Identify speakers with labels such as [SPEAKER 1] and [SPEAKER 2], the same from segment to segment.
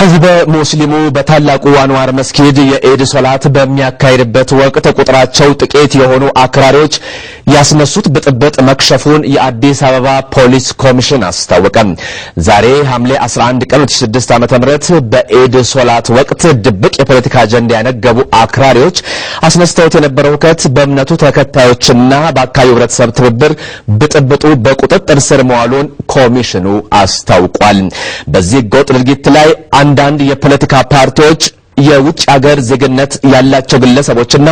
[SPEAKER 1] ህዝበ ሙስሊሙ በታላቁ አንዋር መስጊድ የኢድ ሶላት በሚያካሂድበት ወቅት ቁጥራቸው ጥቂት የሆኑ አክራሪዎች ያስነሱት ብጥብጥ መክሸፉን የአዲስ አበባ ፖሊስ ኮሚሽን አስታወቀ። ዛሬ ሐምሌ 11 ቀን 2006 ዓ.ም በኢድ ሶላት ወቅት ድብቅ የፖለቲካ አጀንዳ ያነገቡ አክራሪዎች አስነስተውት የነበረው ሁከት በእምነቱ ተከታዮችና በአካባቢው ህብረተሰብ ትብብር ብጥብጡ በቁጥጥር ስር መዋሉን ኮሚሽኑ አስታውቋል። በዚህ ህገወጥ ድርጊት ላይ አንዳንድ የፖለቲካ ፓርቲዎች የውጭ ሀገር ዜግነት ያላቸው ግለሰቦችና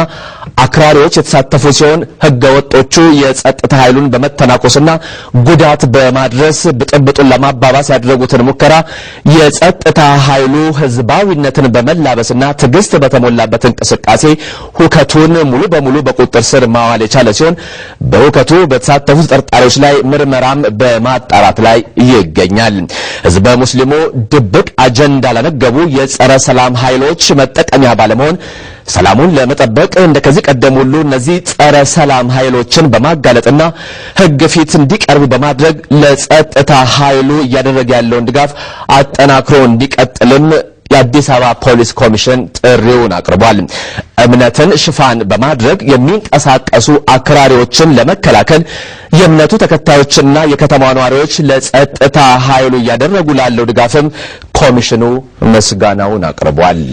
[SPEAKER 1] አክራሪዎች የተሳተፉ ሲሆን ህገወጦቹ የጸጥታ ኃይሉን በመተናኮስና ጉዳት በማድረስ ብጥብጡን ለማባባስ ያደረጉትን ሙከራ የጸጥታ ኃይሉ ህዝባዊነትን በመላበስና ትዕግስት በተሞላበት እንቅስቃሴ ሁከቱን ሙሉ በሙሉ በቁጥር ስር ማዋል የቻለ ሲሆን በሁከቱ በተሳተፉ ተጠርጣሪዎች ላይ ምርመራም በማጣራት ላይ ይገኛል። ህዝበ ሙስሊሙ ድብቅ አጀንዳ ለነገቡ የጸረ ሰላም ኃይሎች መጠቀሚያ ባለመሆን ሰላሙን ለመጠበቅ ከዚህ ቀደም ሁሉ እነዚህ ጸረ ሰላም ኃይሎችን በማጋለጥና ህግ ፊት እንዲቀርቡ በማድረግ ለጸጥታ ኃይሉ እያደረገ ያለውን ድጋፍ አጠናክሮ እንዲቀጥልም የአዲስ አበባ ፖሊስ ኮሚሽን ጥሪውን አቅርቧል። እምነትን ሽፋን በማድረግ የሚንቀሳቀሱ አክራሪዎችን ለመከላከል የእምነቱ ተከታዮችና የከተማ ነዋሪዎች ለጸጥታ ኃይሉ እያደረጉ ላለው ድጋፍም ኮሚሽኑ ምስጋናውን አቅርቧል።